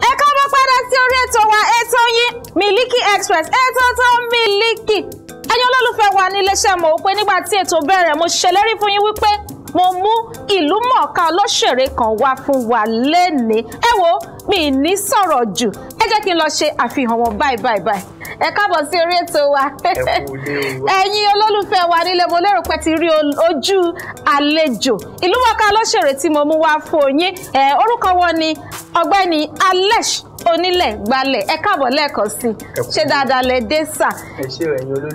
ẹ káàbọ̀ padà sí orí ètò wa ètò yín Miliki Express ètò tó ń Miliki ẹ̀yin olólùfẹ́ wa ní iléeṣẹ́ mọ̀ wípé nígbà tí ètò bẹ̀rẹ̀ mo ṣèlérí fún yín wípé mo mú ìlú mọ̀ọ́ká olóṣèré kan wá fún wa lénìí ẹ wo mi ní sọ̀rọ̀ jù ẹ jẹ́ kí n lọ ṣe àfihàn wọn báyìí báyìí báyìí ẹ káàbọ̀ sí orí ètò wa ẹ̀yin olólùfẹ́ wa nílé mo lérò pé ti rí ojú àlejò ìlúmọ̀ọ́ká olóṣèré tí mo mú wá fún yín orúkọ wọn ni ọ̀gbẹ́ni Alesh onílẹ̀ gbalẹ̀ ẹ káàbọ̀ lẹ́ẹ̀kan sí ṣé dáadáa lẹ dé sà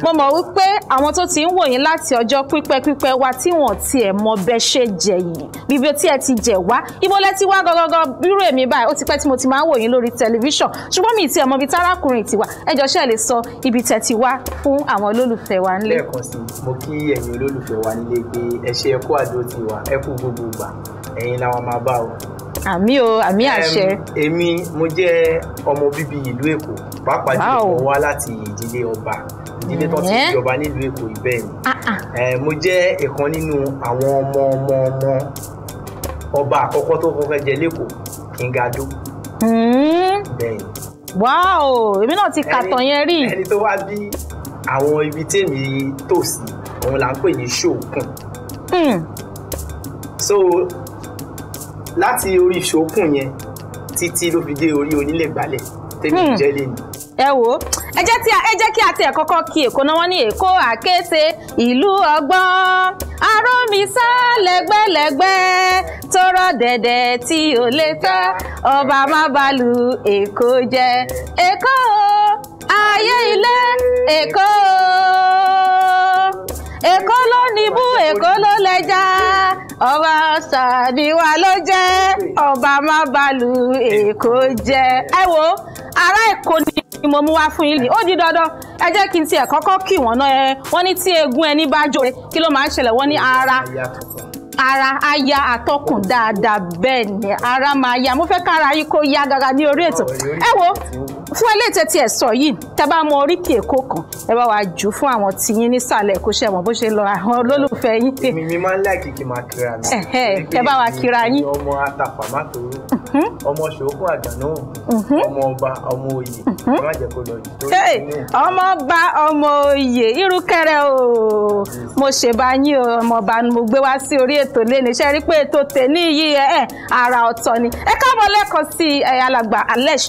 mo mọ̀ wípé àwọn tó ti ń wò yín láti ọjọ́ pípẹ́ pípẹ́ wa tí wọ́n tiẹ̀ mọ bẹ́ ṣe jẹ yìí o tí ẹ ti jẹ wá ibo lẹ ti wá gọgọgọ bírò èmi báyìí ó ti pẹ́ tí mo ti máa ń wò yín lórí tẹlifíṣàn ṣùgbọ́n mi ì tiẹ̀ mọ ibi tárákùnrin tiwa ẹ jọ ṣe lè sọ ibi tẹ ti wá fún àwọn olólùfẹ́ wa nílé. lẹ́ẹ̀kan sí mo kí ẹ̀yin olólùfẹ́ wa nílé àmì o àmì àṣẹ. èmi mo jẹ́ ọmọ bíbí ìlú èkó pàápàá jùlọ wá láti ìdílé ọba ìdílé tó ti jọba nílùú èkó ibẹ̀ ni ah, ah. mo jẹ́ ìkan nínú àwọn ọmọ ọmọ ọmọ ọba àkọ́kọ́ tó kọ́kọ́ jẹ lẹ́kọ̀ọ́ King Ado. Hmm. bẹ́ẹ̀ni. wáò èmi náà ti kàtàn yẹn rí. ẹni tó wá bí àwọn ibi tèmi tò sí òun là ń pè ní ṣòkun. Hmm. so láti orí ìṣókùn yẹn títí ló fi dé orí onílẹ̀ gbálẹ̀ tẹ́lẹ̀ hmm. ìjẹ́ lè ní. ẹ wo ẹ jẹ́ tí a ẹ jẹ́ kí a tiẹ̀ kọ́kọ́ kí èkó náà wọ́n ní èkó àkése ìlú ọgbọ́n arómisá lẹ́gbẹ́lẹ́gbẹ́ tọrọ dẹ̀dẹ̀ tí ò lè tán ọba má balù èkó jẹ́ èkó ayé ilé èkó èkó ló níbú èkó ló lẹ́jà ọba Ṣàbíwá ló jẹ́ ọba má balù èkó jẹ́ ẹ wo ará èkó ni ni mo mú wá fún yín ó di dandan ẹ jẹ́ kí n tiẹ̀ kọ́kọ́ kí wọ́n náà ẹ wọ́n ní tí eegun ẹni bá jòrè kí ló máa ń ṣẹlẹ̀ wọ́n ní ara ara á ya àtọkùn dáadáa bẹ́ẹ̀ ni ara máa ya mo fẹ́ kára yín kó yá gágá ní orí ètò ẹ wo fún eléyìí tí ẹ sọ yìí tẹ bá mọ oríkì èkó kan ẹ bá wa jù fún àwọn tìyín nísàlẹ̀ kó ṣe mọ bó ṣe lọ àwọn olólùfẹ́ yín. èmi mi máa ń láì kìkì máa kíra mi. ẹ bá wa kíra yín. ọmọ atàfà má mhm. tó ọmọ ṣòókùn àgbàná mhm. ọmọ ọba ọmọ oyè mhm. má jẹ kó lọ jù torí inú. ọmọ ọba ọmọ oyè irúkẹrẹ o mo ṣe bá yín o ọmọ ọba ni mo gbé wá sí orí ètò lẹ́nu iṣẹ́ rí pé ètò tèmi yìí ẹ̀ àrà ọ̀tọ̀ ni ẹ káàbọ̀ lẹ́kọ̀ọ́ sí alàgbà alesh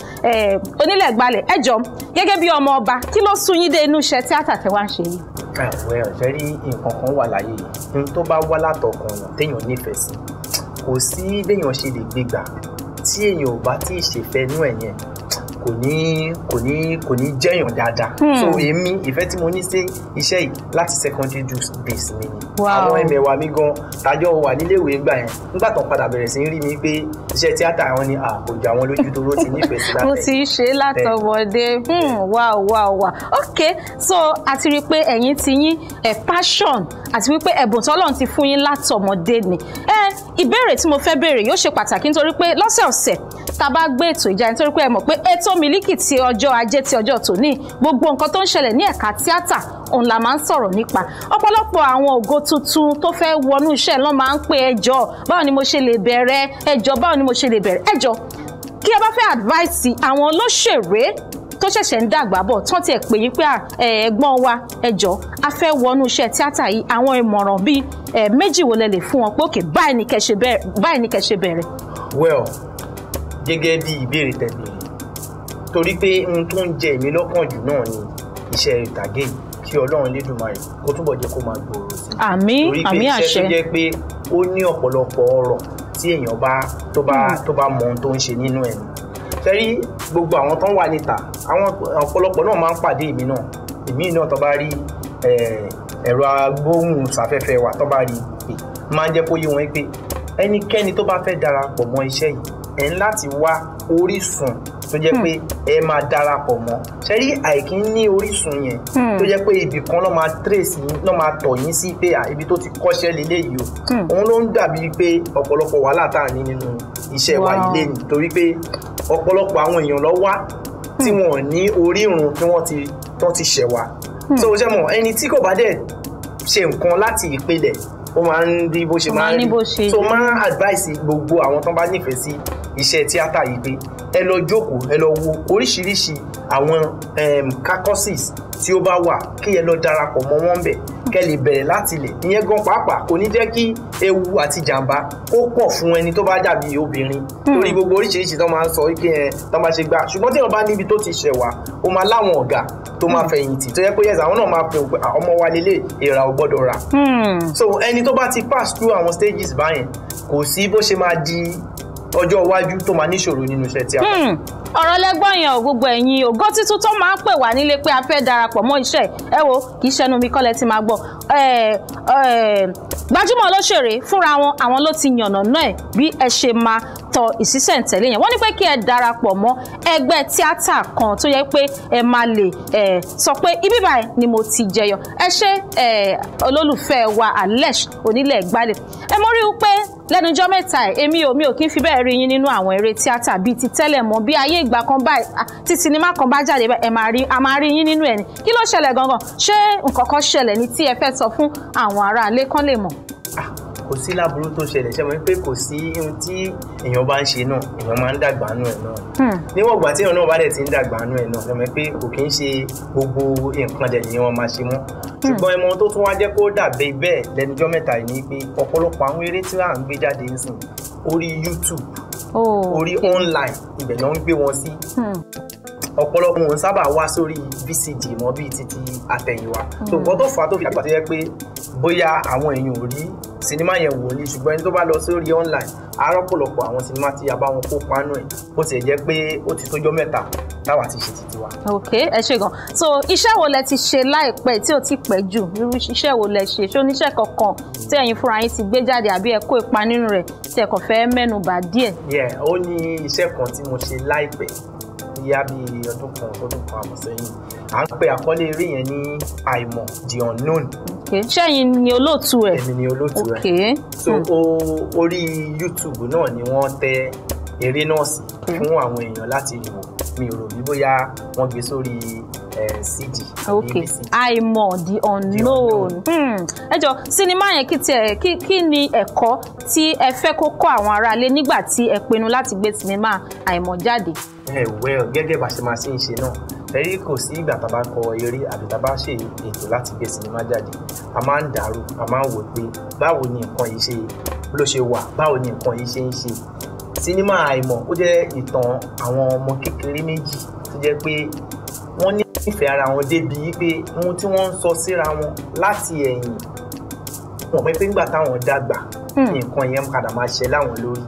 onílẹ̀ gbalẹ̀ ẹ jọ gẹ́gẹ́ bí ọmọ ọba kí ló sún yín dé inú iṣẹ́ tíátà tẹ́ wá ń ṣe yìí. ẹ̀wẹ̀ ah, ṣe rí nǹkan kan wà láyé yìí ohun tó bá wá látọkàn èèyàn téèyàn nífẹ̀ẹ́ sí kò sí béèyàn ṣe lè gbégbà tí èèyàn ò bá tí ì ṣèfẹ́nú ẹ̀ yẹn kò ní kò ní kò ní jẹ́yàn dáadáa hmm. so èmi ìfẹ́ tí mo ní sí iṣẹ́ yìí láti secondary days mi ni àwọn ẹmẹ̀wà mi gan tàjọ wà níléèwé gbà yẹn nígbà tó padà bẹ̀rẹ̀ sí rí mi pé iṣẹ́ tíátà wọn ni àkójọ àwọn lójú tó ló ti nífẹ̀ẹ́ sí láti. mo ti ṣe látọmọdé hmm, wow wow wow ok so àti rí i pé ẹ̀yin ti yín ẹ̀ passion àti wípé ẹ̀bùn tọ́lọ́run ti fún yín látọmọdé ni ẹ ìbéèrè tí mo fẹ́ béèrè yóò ṣe pàtàkì nítorí pé lọ́sẹ̀ọ̀sẹ̀ tá a bá gbé ètò ìjà nítorí pé ẹ mọ̀ pé ètò Mílíkì ti ọjọ́ ajé ti ọjọ́ tòní gbogbo nǹkan tó ń ṣẹlẹ̀ ní ẹ̀ka tíátà òun la máa ń sọ̀rọ̀ nípa ọ̀pọ̀lọpọ̀ àwọn ògo tuntun tó fẹ́ wọnú iṣẹ́ lọ́n máa ń pè ẹjọ́ báwo ni mo ṣe lè bẹ̀rẹ̀ ẹjọ́ báwo ni mo ṣe lè bẹ̀rẹ̀ ẹjọ́ kí ẹ bá fẹ́ advice àwọn olóṣèré tó ṣẹ̀ṣẹ̀ ń dàgbà bọ̀ tán tiẹ̀ pè yí pé ẹ̀gbọ́n wa ẹjọ́ a fẹ́ wọnú iṣẹ́ tíátà yìí àwọn ìmọ̀ràn bíi méjì wo lẹ lè fún wọn pé òkè báyìí ni kẹ́ ṣe bẹ̀rẹ̀. well gẹ́gẹ́ bí ìbéèrè tẹ̀lé torí pé ohun tó ń jẹ èmi lọ́kàn jù náà ni iṣẹ́ ìtàgé yìí kí ọlọ́run lédùmarè kó túbọ̀ jẹ́ kó máa gbòòrò sí i. àmín àmín àṣẹ torí pé iṣẹ́ tó jẹ́ pé ó ní ọ̀pọ̀lọpọ̀ ọ̀rọ̀ tí èèyàn bá tó bá hmm. tó bá mọ ohun tó ń ṣe nínú ẹ̀ sẹ́rí gbogbo àwọn tó ń wà níta àwọn ọ̀pọ̀lọpọ̀ náà máa ń pàdé èmi náà èmi náà tó bá rí ẹ̀rọ agbóhùn sáfẹ́fẹ́ wa tó bá rí pé máa ń jẹ́ kó yé wọn pé ẹnikẹ́ni tó bá fẹ́ darapọ̀ mọ́ iṣẹ́ yìí ẹ̀ ń láti wá orísun tó jẹ́ pé hmm. ẹ máa darapọ̀ mọ́ ṣe rí àìkí ní orísun yẹn hmm. tó jẹ́ pé ibì kan lọ́ọ́ máa trace yín lọ́ọ́ máa tọ̀ yín sí pé ibi tó ti kọ́ṣẹ́ leléyìí o hmm. òun ló ń dàbí pé ọ̀pọ̀lọpọ̀ wàhálà tá à ní nínú iṣẹ́ wa ilé ni torí pé ọ̀pọ̀lọpọ̀ àwọn èèyàn lọ wá tí wọn ò ní orírun tí wọ́n ti tán ti ṣẹ̀ wá so ṣe mọ̀ ẹni tí kò bá dẹ̀ ṣe nǹkan láti ìpìlẹ̀ ó máa ń rí bó ṣe máa ń rí so máa advice gbogbo àwọn tán bá nífẹ̀ẹ́ sí iṣẹ́ tíátà yìí pé ẹ lọ jókòó ẹ lọ wo oríṣiríṣi àwọn kakọ́sìs tí ó bá wà kí ẹ lọ darapọ̀ mọ́ wọn bẹ̀ kẹ́ lè bẹ̀rẹ̀ láti ilẹ̀ ìyẹn gan pàápàá kò ní jẹ́ kí ewu àti jàǹbá kó pọ̀ fún ẹni tó bá dàbí obìnrin lórí hmm. gbogbo oríṣiríṣi tó máa ń sọ kí ẹ eh, tó máa ṣe gbà ṣùgbọ́n tí wọ́n bá níbi tó ti ṣẹ̀ wá ó máa láwọn ọ̀gá tó máa hmm. fẹ̀yìntì tó yẹ pé yẹ́sà àwọn náà máa pè ah, ọmọ wa lélẹ̀ ìrà ò gbọ́dọ̀ rà hmm. so ẹni tó bá ti pass through àwọn stages báyẹn kò sí bó ṣe máa di ọjọ́ iwájú tó máa níṣòro nínú iṣẹ́ tí a bá. Hmm, ọ̀rọ̀ lẹ́gbọ́n yẹn ò gbogbo ẹ̀yin ògó títún tó máa ń pè wá nílé pé a fẹ́ darapọ̀ mọ́ iṣẹ́ ẹ wo kì í ṣẹnu mi kọ́lẹ̀ ti máa gbọ́ gbajúmọ̀ olóṣèré fúnra wọn àwọn ló ti yànnà náà bí ẹ ṣe máa tọ ìṣísẹ̀ntẹ̀lé yẹn wọ́n ní pé kí ẹ darapọ̀ mọ́ ẹgbẹ́ tíátà kan tó yẹ pé ẹ máa lè sọ pé ibi báyìí ni mo ti jẹyọ ẹ ṣe olólùfẹ́ wa alesh onílẹ̀ gbálẹ̀ ẹ mọ̀ rí i pé lẹ́nujọ́ mẹ́ta ẹ̀ èmi ò mi ò kí n fi bẹ́ẹ̀ rí yín nínú àwọn eré tíátà bíi ti tẹ́lẹ̀ mọ́ bí ayé ìgbà kan báyìí tí sinimá kan bá jáde ẹ̀ máa rí a máa rí yín nínú ẹ̀ ni kí ló ṣẹlẹ̀ gangan ṣé nǹkan kan ṣẹlẹ̀ ní tí ẹ fẹ́ sọ fún àwọn aráalé kan lè mọ̀ kò sí láburú tó ṣẹlẹ̀ ṣe mọ̀ pé kò sí ohun tí èèyàn bá ń ṣe náà èèyàn máa ń dàgbà nù ẹ̀ náà hmm. níwọ̀n ìgbà tí èèyàn náà bá dẹ̀ ti ń dàgbà nù ẹ̀ náà ṣe mọ̀ pé kò kí ń ṣe gbogbo nǹkan dẹ̀ ni wọ́n máa ṣe mọ́ hmm. ṣùgbọ́n ẹmọ tó tún wá jẹ́ kó dàbẹ́ bẹ́ẹ̀ lẹ́nujọ́ mẹ́ta yìí ni pé ọ̀pọ̀lọpọ̀ àwọn eré tí à ń gbé oh. online ibẹ̀ náà ń gbé wọn sí hmm. ọ̀pọ̀lọpọ̀ wọn sábà wá sórí BCG mọ́ bíi títí àtẹ̀yìnwá tó gbọ́dọ̀ fà á tó fi àgbà tó yẹ pé bóyá àwọn èèyàn ò rí sinimá yẹn wò ni ṣùgbọ́n ẹni tó bá lọ sórí online arọ́pọ̀lọpọ̀ àwọn sinimá tí a bá wọn kó panu ẹ̀ bó tiẹ̀ jẹ́ pé ó ti tójọ́ mẹ́ta táwa ti ṣe títí ok ẹ ṣe gan so iṣẹ́ wo lẹ ti ṣe láìpẹ́ tí ò ti pẹ́ jù irú iṣẹ́ wo lẹ ṣe ṣé oníṣẹ́ kankan tí ẹ̀yin fúnra yín ti gbé jáde àbí ẹ kó ipa nínú rẹ̀ tí ẹ kàn fẹ́ mẹ́nu díẹ̀. yẹ ó ní iṣẹ́ kan tí mo ṣe láìpẹ́ bíyá bíi ọdún kan ọdún kan àmọ̀ sẹ́yìn à ń pe àkọlé eré yẹn ní àìmọ̀ the unknown ṣẹ́yìn ni olóòtú ẹ̀. èmi ni olóòtú ẹ̀. ok so hmm. o orí YouTube náà ni wọ́n tẹ eré náà sí fún àwọn èèyàn láti wò mi ò rò bí bóyá wọ́n gbé sórí cd. ok àìmọ̀ the unknown hmm. ẹ jọ sinimá yẹn kí tiẹ̀ kí ni ẹ̀kọ́ tí ẹ fẹ́ kó kọ́ àwọn aráalé nígbà tí ẹ pinnu láti gbé sinimá àìmọ̀ jáde. ẹ wẹ gẹ́gẹ́ bá ṣe máa ṣe ń ṣe náà ẹ̀rí kò sí ìgbà tá a bá kọ eré àbí tá a bá ṣe ètò láti gbé sinimá jáde a máa ń dàrú a máa ń wò pé báwo ni nǹkan yìí ṣe ló ṣe wà báwo ni nǹkan yìí ṣe ń ṣe sinimá àìmọ̀ ó jẹ́ ìtàn àwọn ọmọ kékeré méjì tó jẹ́ pé wọ́n ní nífẹ̀ẹ́ ara wọn débi pé ohun tí wọ́n ń sọ síra wọn láti ẹ̀yìn wọ́n pẹ́ pé nígbà táwọn dàgbà hmm. nǹkan yẹn padà máa ṣe láwọn lórí.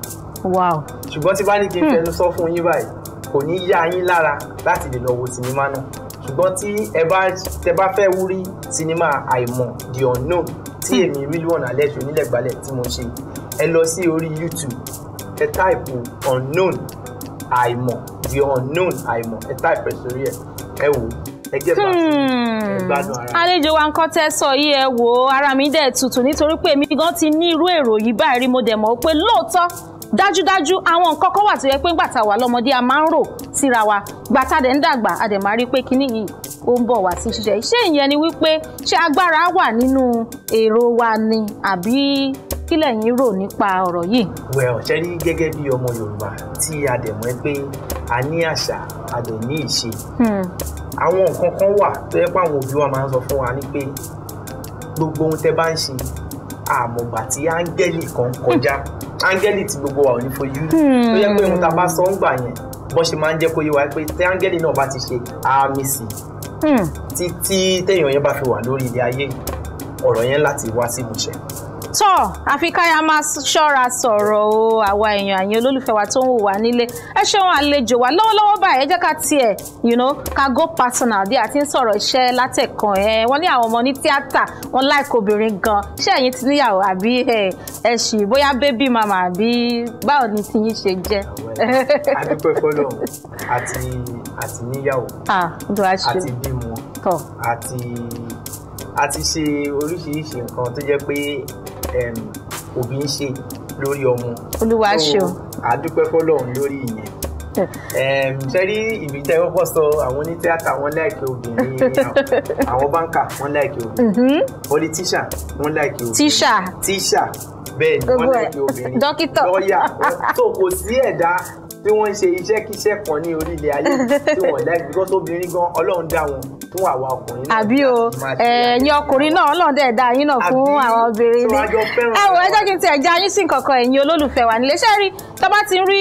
ṣùgbọ́n tí bá ní kí n hmm. fẹnu sọ fún yín báyìí kò ní yá yín lára láti lè lọ wo sinimá náà ṣùgbọ́n tí ẹ bá tẹ bá fẹ́ wúrí sinimá àìmọ̀ the unknown tí hmm. èmi Rilwan Alex onílẹ̀gbálẹ̀ tí mo ṣe ẹ lọ sí orí YouTube ẹ táìpù unknown àìmọ̀ the unknown àìmọ̀ ẹ táìpù ẹ sórí ẹ̀ ẹ wò ẹ jẹ́ bá hmm. ẹ gbádùn ara. àlejò wa nǹkan tẹ́ sọ yìí ẹ wò ara mi dẹ̀ tutù nítorí pé èmi gan ti ní irú èrò yìí báyìí rí mo dẹ̀ mọ̀ pé lóòótọ́ dájúdájú àwọn nǹkan kan wà tó yẹ pé ńgbà tá a wà lọ́mọdé a máa ń rò síra wa gbà tá ń dàgbà a dẹ̀ máa rí pé kinní yìí ó ń bọ̀ wá sí ṣíṣe ṣé ìyẹn ni wípé ṣé agbára wà nínú èrò wa ni àbí kí lẹ̀yin rò nípa ọ̀rọ̀ yìí. well ṣe rí gẹ́gẹ́ bí ọmọ yorùbá tí a dẹ̀ pé a ní àṣà a dẹ̀ ní ìṣe. Hmm. àwọn nǹkan kan wà tó yẹ pé àwọn òbí wa máa ń sọ fún wa ní pé gbogbo ohun tẹ́ bá ń ṣe àmọ̀gbà tí áńgẹ́lì kan kọjá hmm. áńgẹ́lì tí gbogbo wa ò ní fojú hmm. tó yẹ pé ohun tá a bá sọ ń gbà yẹn bọ́n ṣe máa ń jẹ́ kó yé wa pé tí áńgẹ́lì náà bá ti ṣe àmì títí téèyàn yẹn bá fi wà lórí ilé ayé ọ̀rọ̀ yẹn láti wá sí tọ́ àfi káyà máa ṣọ́ra sọ̀rọ̀ o àwa èèyàn àyìn olólùfẹ́ wa tó ń wò wá nílé ẹ ṣeun àlejò wa lọ́wọ́lọ́wọ́ báyìí ẹ jẹ́ ká tiẹ̀ you know ká go personal bí a ti ń sọ̀rọ̀ iṣẹ́ látẹ̀kan ẹ wọ́n ní àwọn ọmọ ní tíátà wọ́n láìkó obìnrin gan ṣé ẹ̀yin ti níyàwó àbí ẹ ẹ ṣì bóyá bébí màmá àbí báwo ni tiyín ṣe jẹ́. àdúpẹ́ fọlọ́ àti àti níyàwó àti bímọ àti àti ṣe oríṣiríṣi nǹkan tó jẹ́ pé òbí ń ṣe lórí ọmọ. olúwa ṣe o. àdúpẹ́ fọlọ́run lórí ìyẹn sẹ́rí ìbí tẹ́ kọ́kọ́ sọ àwọn onítìátà wọn láìkí obìnrin àwọn báńkà wọn láìkí obìnrin pọlitíṣà wọn láìkí obìnrin tíṣà tíṣà bẹ́ẹ̀ ni wọ́n láìkí obìnrin dókítà lọ́ọ̀yà tó kò sí ẹ̀dá bí wọ́n ṣe iṣẹ́ kíṣẹ́ kan ní orílẹ̀ ayé tí wọ́n lẹ́gbẹ̀ẹ́ because obìnrin gan ọlọ́run dá wọn fún àwa ọkùnrin náà. àbí o ẹ̀yin ọkùnrin náà ọlọ́run dẹ̀ dá yín náà fún àwa obìnrin ní. ẹ wò ẹ kí n tiẹ̀ já yín sí nǹkankan ẹ̀yin olólùfẹ́ wa nílé iṣẹ́ rí tó bá ti ń rí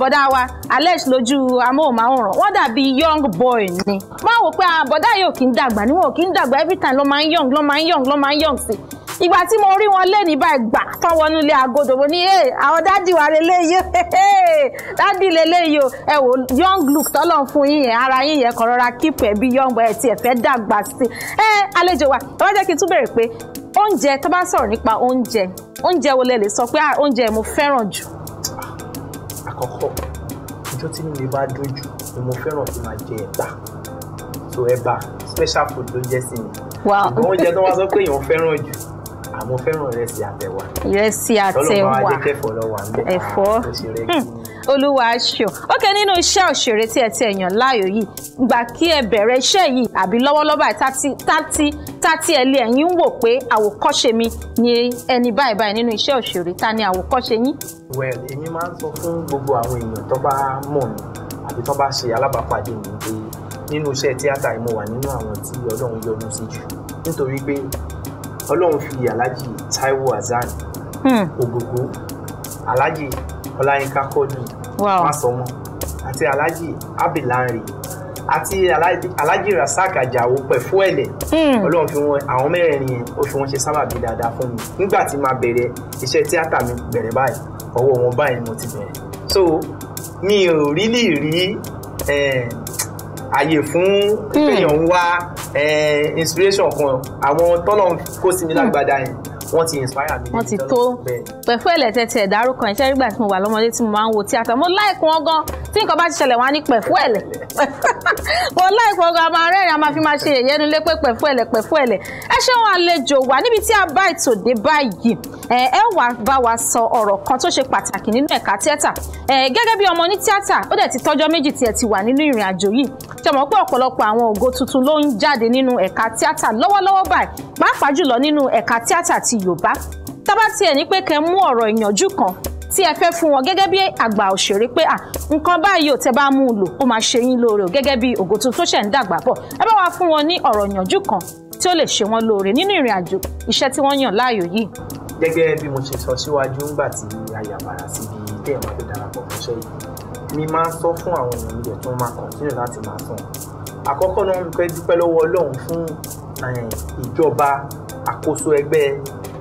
bọ̀dá wa alex lójú amóhùnmáwòrán wọ́n dàbí young boy ni. máa wò pé ah, bọ̀dá yìí ò kí ń dàgbà níwọ̀n ò kí ń dàgbà every time ló máa ń young ló máa ń young ló máa ń young sí i ìgbà tí mo rí wọn lé ní báyìí gbà tán wọnú ilé agodo mo ní ee àwọn dádì wa leléyìí dádì leléyìí o ẹ wò young look tọ́lọ̀ fún yín yẹn ara yín yẹn kàn rọra kíp ẹ̀ bí young boy ẹ̀ tiẹ̀ fẹ́ dàgbà sí ẹ àlejò wa ẹ wá jẹ́ kí n tún bèrè pé oúnjẹ tó bá sọ̀rọ̀ nípa oúnjẹ oúnjẹ wo lẹ lè sọ pé ah, oúnjẹ mo fẹ́ràn jù. àkọ́kọ́ ọjọ́ tí mi bá dojú ni mo fẹ́ràn kí n máa jẹ ẹ̀bà so ẹ̀bà special food ló jẹ́ sí mi. ṣùgbọ́n oúnjẹ tó wá sọ pé èèyàn fẹ́ràn jù àmọ́ ah, fẹ́ràn ìrẹsì àtẹ̀wà. ìrẹsì àtẹ̀wà ẹ̀fọ́ ah, hmm. olúwa ṣò ókè nínú iṣẹ́ òṣèré tí ẹ ti ẹ̀yàn láàyò yìí gbà kí ẹ bẹ̀rẹ̀ iṣẹ́ yìí àbí lọ́wọ́lọ́wọ́ àti tátí tátí ẹlẹ́ ẹ̀yìn ń wò pé àwòkọ́ṣe mi ni ẹni báyìí báyìí nínú iṣẹ́ òṣèré ta ni àwòkọ́ṣe yín. well èmi máa ń sọ fún gbogbo àwọn èèyàn tó bá mọ̀ mí àbí tó bá ṣe alábàápàdé mi pé nínú iṣẹ́ tíátà mo wà nínú àwọn tí ọlọ́run yọ́nú sí jù nítorí pé ọlọ́run fi aláàjì Táíwò Hassan ògògó aláàjì ọláyínká kọ́dù fásọmọ àti aláàjì abilanri àti aláàjì rasak ajáò pẹ̀fúẹ̀lẹ̀ hmm. ọlọ́run fi wọn àwọn mẹ́rẹ̀ẹ̀rin yẹn ó fi wọn ṣe sábàbí dáadáa fún mi nígbà tí màá bẹ̀rẹ̀ iṣẹ́ tíátà mi bẹ̀rẹ̀ báyìí ọwọ́ wọn báyìí mo ti bẹ̀rẹ̀ so mi ò rí lè eh, rí àyè fún kéèyàn ń hmm. wá inspiration kan àwọn tọ́lọ̀ kó sí mi hmm. lágbádá yẹn wọ́n ti inspire mi. wọ́n ti tó pẹ̀fú ẹ̀lẹ́tẹ̀ tẹ̀ dárúkọ iṣẹ́ nígbà tí mo wà lọ́mọdé tí mo máa ń wo tíátà mo like wọn gan tí nǹkan bá ti ṣẹlẹ̀ wá ní pẹ̀fú ẹ̀lẹ̀ mo like wọn gan a máa rẹ́rìn a máa fi máa ṣe èyẹ́ nulẹ̀ pé pẹ̀fú ẹ̀lẹ̀ pẹ̀fú ẹ̀lẹ̀ ẹ ṣé wọn àlejò wà níbi tí a bá ètò dé báyìí ẹ wà bá wa sọ ọ̀rọ̀ kan tó ṣe pàtàkì nínú ẹ̀ka tíátà gẹ́gẹ́ bí ọmọ ní tíátà ó dẹ̀ ti tọ́jọ́ méjì tí ẹ ti wà nínú ìrìn àjò yìí ṣe mọ̀ pé ọ̀pọ̀lọpọ̀ àwọn ògo tuntun ló ń jáde nínú ẹ̀ka tíátà lọ́wọ́lọ́wọ́ báyìí pàápàá jùlọ nínú ẹ̀ka tíátà ti Yorùbá tá bá tiẹ̀ ní pé kẹ́ mú ọ̀rọ̀ ìyànjú kan tí ẹ fẹ́ fún wọn gẹ́gẹ́ bí àgbà òṣèré pé à nǹkan báyìí ò tẹ́ bá mú un lò ó máa ṣe yín lóore o gẹ́gẹ́ bí ògo tuntun ṣẹ̀ ń dàgbà bọ̀ ẹ bá wa fún wọn ní ọ̀rọ̀ ìyànjú kan tí ó lè ṣe wọn lóore nínú ìrìn àjò iṣẹ́ tí wọ́n yàn láàyò yìí. gẹ́gẹ́ bí mo ṣe sọ síwájú ńgbà tí ayàbára síbi tẹ́ ẹ̀ máa fi darapọ̀ mọ́ṣẹ́ yìí mi máa ń sọ fún àwọn èèyàn mi dẹ̀ tún máa kọ̀ntínú láti máa sọ àkọ́kọ́ náà mo fẹ́ dúpẹ́ lọ́wọ́ ọlọ́run fún eh, ìjọba àkóso ẹgbẹ́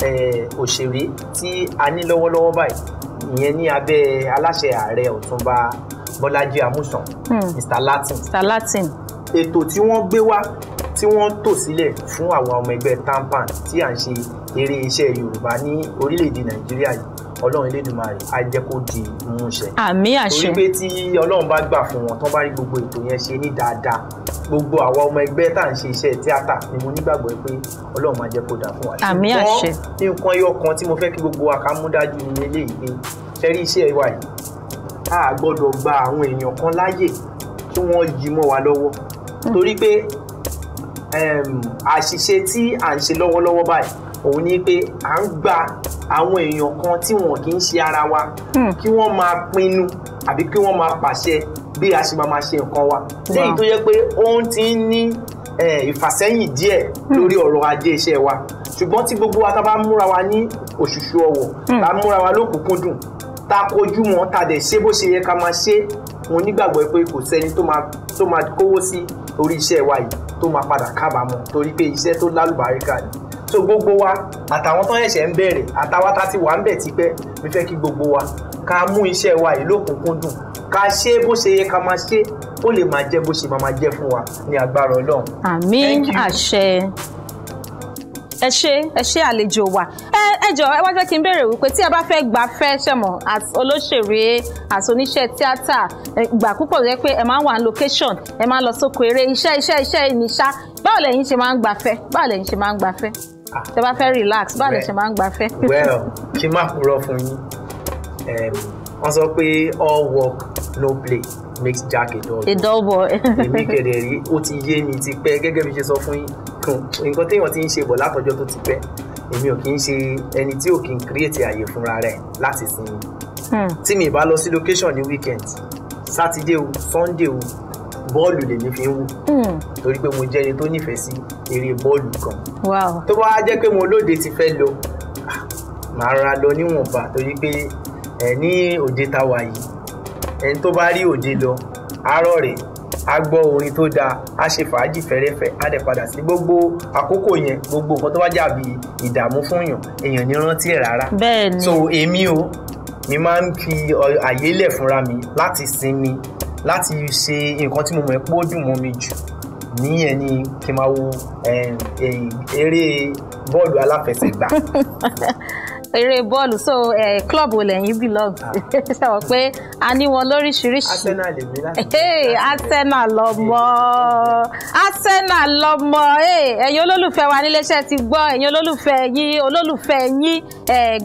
eh, òṣèré tí a ní lọ́wọ́lọ́wọ́ báyìí ìyẹn ní abẹ́ aláṣẹ ààrẹ ọ̀túnba bọ́lájí amúsàn hmm. mr latin. mr latin. ètò tí wọ́n gbé wá tí wọ́n tò sílẹ̀ fún àwọn ọmọ ẹgbẹ́ tampan tí à ń ṣe eré iṣẹ́ yorùbá ní orílẹ̀-èdè nàìjíríà yìí ọlọ́run Elédùmarè á jẹ́ kó di ìmúṣẹ. àmì àṣẹ torí pé tí ọlọ́run bá gbà fún wọn tán bá rí gbogbo ètò yẹn ṣe ní dáadáa gbogbo àwa ọmọ ẹgbẹ́ tá à ń ṣe iṣẹ́ tíátà ni mo nígbàgbọ́ pé ọlọ́run máa jẹ́ kó dà fún wa. àmì àṣẹ ṣùgbọ́n nǹkan ẹyọ kan tí mo fẹ́ kí gbogbo wa ká mú dájú ní eléyìí pé ṣẹ́rí iṣẹ́ wa yìí a gbọ́dọ̀ gba àwọn èèyàn kan láyè kí wọ́n yí mọ́ wa lọ́wọ́ mm. torí pé àṣìṣe tí à ń ṣe lọ́wọ́lọ́wọ́ báyìí òun ni pé à ń gba àwọn èèyàn kan tí wọn kì í ṣe ara wa hmm. kí wọ́n máa pinnu àbí kí wọ́n máa pàṣẹ bí a ṣe máa máa ṣe nǹkan wa léyìí tó yẹ pé òun ti ń ní ìfàsẹ́yìn díẹ̀ hmm. lórí ọ̀rọ̀ ajé iṣẹ́ wa ṣùgbọ́n tí gbogbo wa tá bá múra wa ní òṣùṣù ọwọ̀ hmm. tá múra wa lókùnkúndùn tá kojú wọn tá dẹ̀ ṣe bó ṣe yẹ ká máa ṣe mo nígbàgbọ́ pé kò sẹ́ni tó máa kówó sí orí iṣẹ́ wa yìí tó máa padà kábàámọ̀ torí pé iṣẹ́ tó lálùbáríkà ni so gbogbo wa àtàwọn tó ẹ̀ṣẹ̀ ń bẹ̀rẹ̀ àtàwọn tá a ti wà ń bẹ̀ tipẹ́ mi fẹ́ kí gbogbo wa ká mú iṣẹ́ wa yìí lókùnkúndùn ká ṣe bó ṣe yẹ ká máa ṣe ó lè máa jẹ́ bó ṣe máa máa fún wa ní agbára Ọlọ́run. àmín àṣẹ ẹ ṣé ẹ ṣé àlejò wa ẹ jọ ẹ wá jẹ́ kí n béèrè wípé tí ẹ bá fẹ́ gbà fẹ́ ṣẹmọ olóṣèré as tíátà ìgbà púpọ̀ jẹ́ pé ẹ máa ń wà ní location ẹ máa ń lọ sóko eré iṣẹ́ iṣẹ́ iṣẹ́ ìníṣá báwo lẹ̀yin ṣe máa ń gbà fẹ́ báwo lẹ̀yin ṣe máa ń gbà fẹ́ tẹ bá fẹ́ relax báwo lè ṣe máa ń gbafẹ́. well kí n má purọ́ fún yín wọ́n sọ pé all work no play makes jack a dull boy. a dull boy. èmi kẹ̀dẹ̀ rí ó ti yé mi ti pẹ́ gẹ́gẹ́ bí ṣe sọ fún yín hmm, nǹkan téèyàn ti ń ṣe bọ̀ látọjọ́ tó ti pẹ́ èmi ò kì í ṣe ẹni tí ò kì í create àyè fúnra rẹ̀ láti sinmi. Hmm. tí mi bá lọ sí location ní weekend sátidé o sunday o bọ́ọ̀lù lèmi fi ń wò hmm. torí pé mo jẹ́ ẹni tó nífẹ̀ẹ́ sí eré bọ́ọ̀lù kan tó bá jẹ́ pé mo lóde ti fẹ́ lọ màá ra lọ níwọ̀nba torí pé ẹ ní òde tá wà yìí ẹni tó bá rí òde lọ àárọ̀ rẹ̀ a gbọ́ orin tó dáa a ṣe fàájì fẹ́rẹ́fẹ́ a dẹ̀ padà sí gbogbo àkókò yẹn gbogbo nǹkan tó bá jàbí ìdààmú fún èèyàn ní rántí ẹ̀ rárá. bẹ́ẹ̀ni so èmi o mi máa ń fi àyè lẹ̀ fúnra mi láti sinmi láti ṣe nǹkan tí mo mọ̀ pé ó dùn mọ́ mi jù níyẹn ni kí n máa wo eh, eh, eré bọ́ọ̀lù aláfẹsẹ̀gbá. eré bọ́ọ̀lù so eh, club wo lẹ́yìn belong sọ pé a ní wọn lóríṣiríṣi. Arsenal lèmi láti. Arsenal lọmọ Arsenal lọmọ ẹ̀yin olólùfẹ́ wa níléeṣẹ́ ti gbọ́ ẹ̀yin olólùfẹ́ yín olólùfẹ́ yín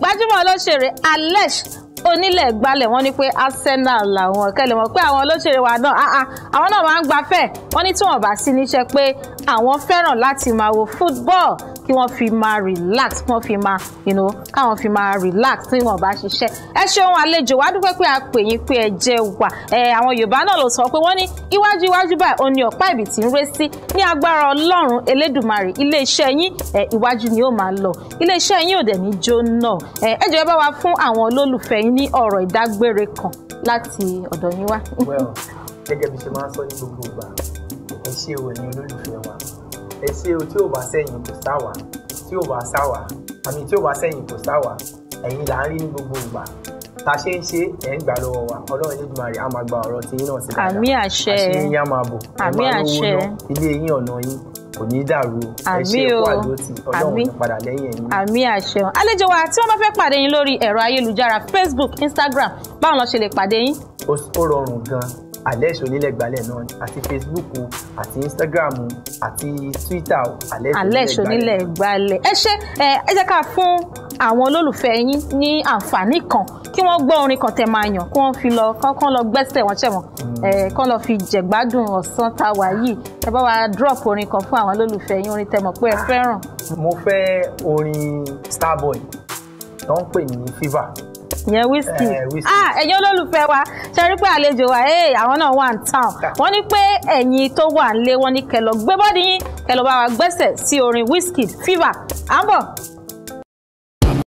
gbajúmọ̀ olóṣèré Alex onílẹ̀ gbalẹ̀ wọ́n ní pé Arsenal làwọn kẹlẹ̀ mọ̀ pé àwọn olóṣèré wa náà ah, ah, àwọn náà máa ń gbafẹ́ wọ́n ní tí wọ́n bá sí níṣẹ́ pé àwọn fẹ́ràn láti máa wo football kí wọ́n fi máa relax kí wọ́n fi máa you know káwọn fi máa relax tí wọ́n bá ṣiṣẹ́ ẹ ṣeun àlejò wa dúpẹ́ pé a pè yín pé ẹ jẹ́ wà ẹ àwọn Yorùbá náà ló sọ pé wọ́n ní iwájú iwájú báyìí ó ní ọ̀pá ìbí tí ń ré sí ní agbára Ọlọ́run Elédùmarè iléeṣẹ́ yín ẹ iwájú ni ó máa lọ iléeṣẹ́ yín ò dẹ̀ ní jóná ẹ ẹ jẹ́ bá wa fún àwọn olólùfẹ́ yín ní ọ̀rọ̀ ìdágbére kan láti ọ̀dọ̀ yín wá. gẹ́gẹ́ bí ṣe máa ń sọ ní gbogbo ìgbà ẹ ṣé o olólùfẹ́ wa ẹ ṣe o tí ò bá sẹ́yìn kò sáwà tí ò bá sáwà àmì tí ò bá sẹ́yìn kò sáwà ẹ̀yin là ń rí ní gbogbo ìgbà ta ṣe ń ṣe ẹ̀ ń gbà lọ́wọ́ wa ọlọ́run ní ìgbìmọ̀ rẹ̀ á máa gba ọ̀rọ̀ tí yín náà sí dáadáa àmì àṣẹ àṣẹ yín á máa bọ̀ ẹ máa lówó lọ ilé yín ọ̀nà yín kò ní dàrú ẹ ṣe kó àdótì ọlọ́run ti padà lẹ́yìn ẹ̀yìn. àmì àṣẹ àlejò wa tí wọ́n bá fẹ́ pàdé yín lórí ẹ̀rọ ayélujára Facebook Instagram báwọn lọ ṣe lè pàdé yín. ó rọrùn gan-an Alex Onílẹ̀gbálẹ̀ náà àti Facebook àti Instagram àti Twitter Alex Onílẹ̀gbálẹ̀. Alex Onílẹ̀gbálẹ̀ ẹ ṣe ẹ jẹ́ ká fún àwọn olólùfẹ́ yín ní àǹfààní kan kí wọ́n gbọ́ orin kan tẹ̀ máa yàn kí wọ́n fi lọ kán lọ gbẹ́sẹ̀ wọn ṣẹ̀ mm. wọ́n kán lọ fi jẹ̀gbádùn ọ̀sán tá a wà yìí ẹ bá wa drop orin kan fún àwọn olólùfẹ́ yín orin tẹ́ mọ̀ pé ẹ fẹ́ràn. mo fẹ́ orin Starboy tó ń pè ní fever ìyẹn Wizkid eh, ah ẹ̀yin olólùfẹ́ wa ṣe rí pé àlejò wa ee eh, àwọn náà wà ń town wọ́n ní pé ẹ̀yin tó wà ń lé wọ́n ní kẹlọ gbé bọ́dí yín kẹlọ bá wa gbẹ́sẹ̀ sí orin Wizkid fever à